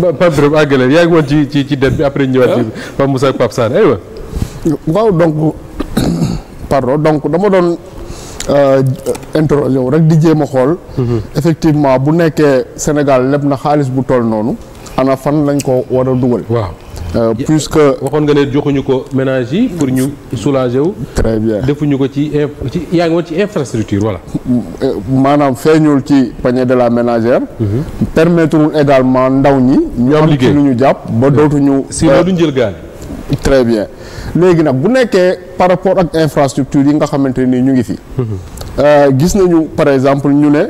Pape Birame àggale yaa ngi woon ci ci ci dette bi après ñëwaat ci ah. Pape Moussa ak Pape Sané aywa. waaw donc pardon donc dama doon euh, interroger rek di jéem a xool. Mhm. effectivement bu nekkee Sénégal leb na xaalis bu toll noonu. ana fan lañ ko war a dugal. waaw. Euh, plus que waxoon nga ne joxuñu ko ménage yi pour ñu soulager wu. très bien defuñu ko ci ci yaa ngi woon ci infrastructure voilà. maanaam feeñul ci panier de la ménagère. Mhm. permettrul également ndaw ñi. ñu am liggéey ñu jàpp ba dootuñu. sinon euh, duñ jël gaal. très bien léegi nag bu nekkee par rapport ak infrastructure yi nga xamante ni ñu ngi fi. Mhm. Euh, gis nañu par exemple ñu ne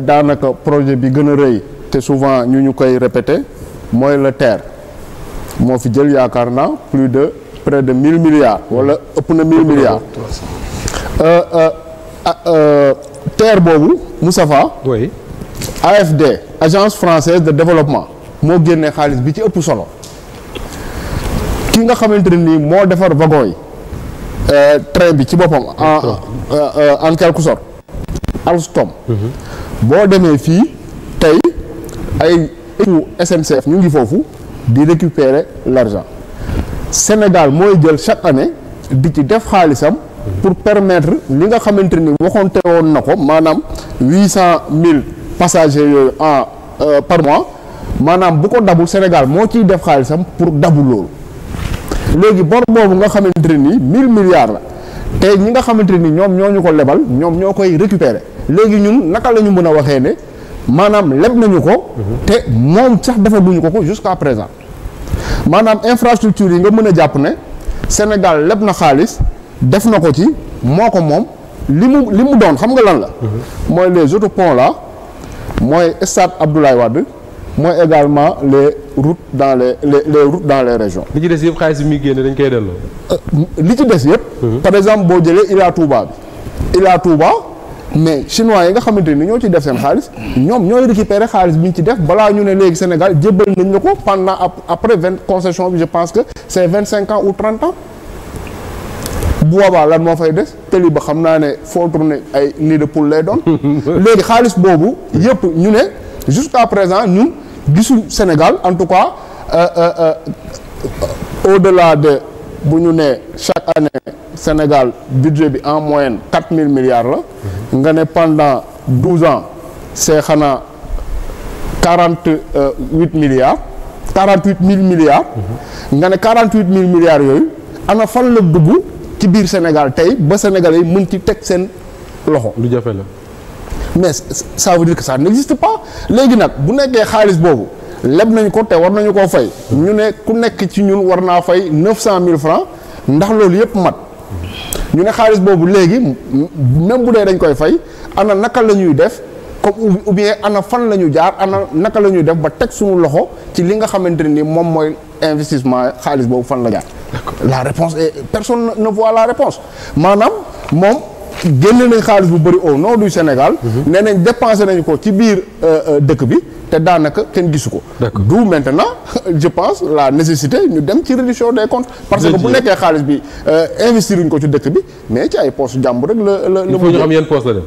daanaka projet bi gën a rëy te souvent ñu ñu koy répété mooy le TER. moo fi jël yaakaar na plus de près de mille milliards wala ëpp na mille milliards euh, euh, ah, euh, terre boobu musafa oui AFD agence française de développement moo génne xaalis bi ci ëpp solo ki nga xamante ne nii moo defar wagon yi train bi ci boppam en en quelque sorte Alstom mhm. boo demee fii tey ay équipe SNCF ñu ngi foofu di récupérer l'argent Sénégal mooy jël chaque année di ci def xaalisam pour permettre li nga xamante ni te woon na ko maanaam huit cent mille passagers yooyu en euh, par mois maanaam bu ko dabul Sénégal moo ciy def xaalisam pour dabu loolu léegi bor boobu nga xamante ni mille milliards la te ñi nga xamante ni ñoom ñoo ñu ko lebal ñoom ñoo koy récupérer léegi ñun naka la ñu mën a waxee ne maanaam leb nañu ko. te moom sax defaguñu ko ko jusqu'à présent maanaam infrastructure yi nga mën a jàpp ne Sénégal leb na xaalis def na ko ci moo ko moom li mu li mu doon xam nga lan la. Mm-hmm. mooy les autoponts la mooy stade Abdoulaye Wade. mooy également les routes dans les les les routes dans les régions. li ci des yëpp xaalis bi muy dañ koy delloo. Euh, li ci des yëpp. Mm-hmm. par exemple boo jëlee Ila Touba bi Ila Touba mais chinois yi nga xamante ni ñoo ciy def seen xaalis ñoom ñooy récupérer xaalis bi ñu ci def balaa ñu ne léegi Sénégal jébbal nañ la ko pendant après vingt concession bi je pense que c'est vingt cinq ans ou trente ans bu boobaa lan moo fay des tëli ba xam naa ne foo tourné ay lii de poule lay doon léegi xaalis boobu yëpp ñu ne jusqu'à présent ñun gisu Sénégal en tout cas euh, euh, euh, de bu ñu ne chaque année Sénégal budget bi en moyen quatre mille milliards la nga ne pendant douze ans c'est xanaa quarante euh, huit milliards quarante huit mille milliards. nga ne quarante huit mille milliards yooyu ana fan la dugg ci biir Sénégal tey ba Sénégalais yi mën ci teg seen loxo. lu jafe la. mais ça veut dire que ça n'existe pas léegi nag bu nekkee xaalis boobu. leb nañ ko te war nañu ko fay ñu ne ku nekk ci ñun war naa fay neuf cent mille francs ndax loolu yëpp mat ñu ne xaalis boobu léegi même bu dee dañ koy fay ana naka la ñuy def comme ou bien ana fan la ñu jaar ana naka la ñuy def ba teg sumu loxo ci li nga xamante ni moom mooy investissement xaalis boobu fan la jaar. d'accord la réponse est personne ne voit la réponse maanaam moom. génne nañ xaalis bu bëri au nord du Sénégal. Mm-hmm. nee nañ dépensé nañu ko ci biir euh, euh, dëkk bi. te daanaka kenn gisu ko. du d'où na je pense la nécessité ñu dem ci réduction des comptes. parce que bu nekkee xaalis bi euh, investir uñ ko ci dëkk bi mais ci ay poste jàmbur rek la la. la mu ñu xam yan poste la dem.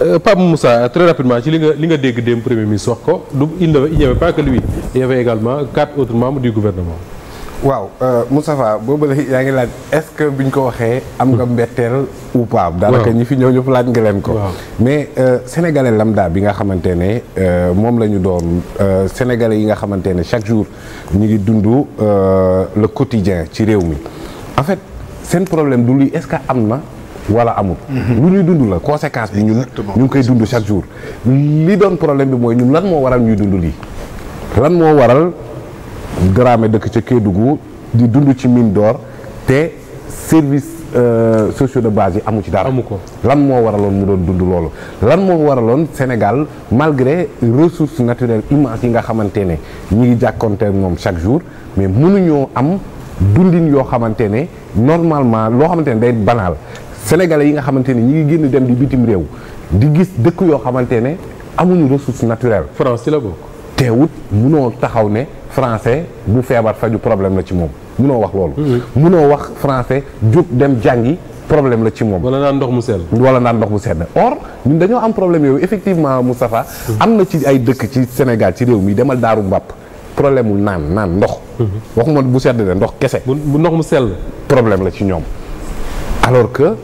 Euh, Pape Moussa très rapidement ci li nga li nga dégg démb premier ministre wax ko du il ne il n'y avait pas que lui il y avait également quatre autres membres du gouvernement. waaw euh, Moustapha boobu la yaa ngi laaj est-ce que bi ñu ko waxee am nga mbetteel ou pas ñi fi ñëw ñëpp laaj nga leen ko mais euh, sénégalais lamdaa bi nga xamante ne euh, moom la ñu doon sénégalais yi nga xamante ne chaque jour ñu ngi dund le quotidien ci réew mi en fait seen problème du lii est que am na wala amul mhm. lu ñuy dund la conséquence bi ñun ñu ngi koy dund chaque jour li doon problème bi mooy ñu lan moo waral ñuy dund lii lan moo waral Dramé dëkk ca Kédougou di dund ci mine d'or te service euh, sociaux de base yi amu ci dara. amu ko lan moo waraloon mu doon dund loolu. lan moo waraloon Sénégal malgré ressources naturelles immenses yi nga xamante ne ñi ngi jàkkoonteeg moom chaque jour mais ñoo am dundin yoo xamante ne normalement loo xamante ne day banaal sénégalais yi nga xamante ne ñi ngi génn dem di bitim réew di gis dëkk yoo xamante ne amuñu ressources naturelles. France ci teewut munoo taxaw ne francais bu feebar faju problème la ci moom munoo wax loolu. Mm-hmm. munoo wax francais jóg dem jàngi problème la ci moom. wala naan ndox mu sedd. wala naan ndox mu sedd or ñun dañoo am problème yooyu effectivement Moustapha. Mm-hmm. am na ci ay dëkk ci Sénégal ci réew mi demal Daaru Mbàpp problème mu naan naan ndox. Mm-hmm. waxuma bu sedd de ndox kese. bu ndox mu sell. problème la ci ñoom alors que.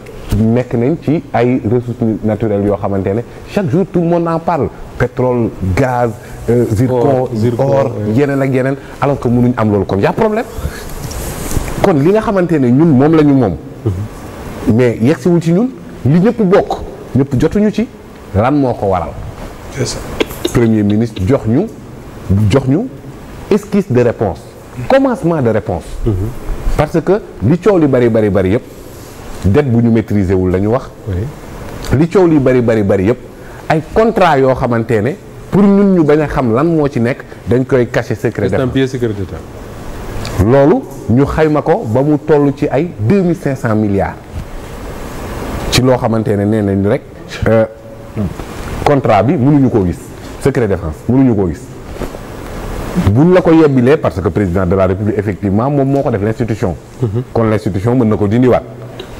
nekk nañ ci ay ressources naturelles yoo xamante ne chaque jour tout le naa en parle pétrole gaz. Euh, zircon or yeneen ak yeneen alors que mënuñ am loolu kon y problème kon li nga xamante ne ñun moom la ñu moom. mais yegsiwul ci ñun li ñëpp bokk ñëpp jotuñu ci ran moo ko waral. c'est ça. premier ministre jox ñu jox ñu esquisse de réponse commencement de réponse mm-hmm. parce que li coow li bari bari bari yëpp. dette bu ñu maîtriser wul la wax. li coow li bari bari bari yëpp ay contrat yoo xamante ne pour ñun ñu bañ a xam lan moo ci nekk dañ koy caché secret d'État loolu ñu xayma ko ba mu toll ci ay deux mille cinq milliards ci loo xamante ne nee nañ rek euh, contrat bi mënuñu koo gis secret défense mënuñu koo gis buñ la ko yebbilee parce que président de la république effectivement moom moo ko def l'institution mm-hmm. kon l'institution mën na ko dindiwaat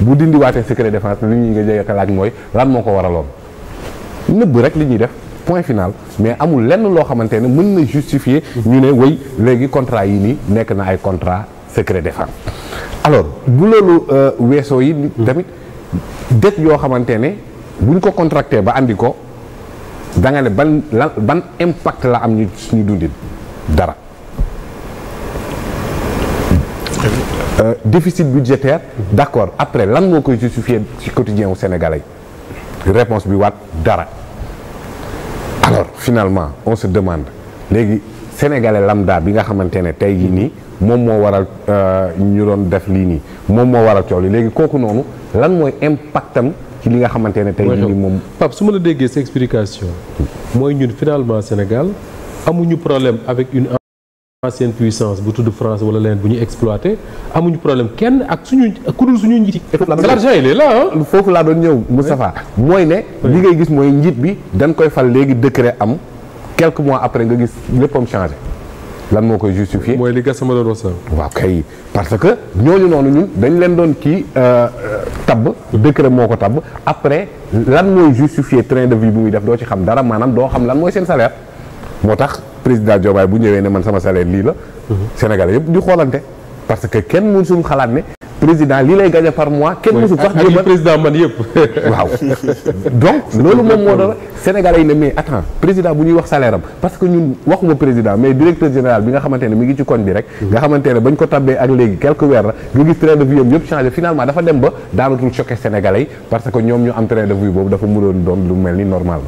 bu dindi waatee secret défense li ñuy nga jege laaj mooy lan moo ko waraloon nëbb rek li ñuy def point final mais amul lenn loo xamante ne mën na justifier ñu ne wéy léegi contrat yi nii nekk na ay contrat secret défense alors bu loolu euh, weesoo yi tamit det yoo xamante ne buñ ko contracté ba andi ko da ne ban lan ban impact la am ñu suñu dundin dara Euh, déficit budgétaire mhm. d'accord après lan moo koy justifier ci quotidien wu sénégalais réponse bi waat dara alors finalement on se demande léegi sénégalais lambda bi nga xamante ne tey jii nii mhm. moom moo waral euh, ñu doon def lii nii moom moo waral coow li léegi kooku noonu lan mooy impactam ci li nga xamante ne tey jii nii moom Pape su ma la déggee sa explication mooy ñun finalement Sénégal amuñu problème avec une ancienne puissance bu tudd France wala leneen bu ñu exploité ak suñu ku dul suñu njiit. l'argent il est là foofu laa doon mooy ne li ngay gis mooy njiit bi dañ koy fal léegi décret am quelques mois après nga gis léppam changé lan moo koy justifié mooy li gas sama doon wax parce que ñooñu noonu ñun dañ leen doon kii euh, euh, tabb décret moo ko tab après lan mooy justifié train de vie bu muy def doo ci xam dara maanaam doo xam lan mooy seen salaire moo tax président Diomaye bu ñëwee ne man sama salaire lii la. Mhm. sénégal yëpp di xoolante parce que kenn mësul xalaat ne. président lii lay gagné par mois kenn mosul sax jéem président waaw donc loolu moom moo doon sénégalais yi ne mais attends président bu ñuy wax salaire parce que ñun waxuma président mais directeur général bi nga xamante ne mi ngi bi rek nga xamante bañ ko tabbee ak léegi quelques weer la nga gis train de vie am yëpp changé finalement dafa dem ba daanatul choqué sénégalais yi parce que ñoom ñu am train de vie boobu dafa mënoon doon lu mel ni normal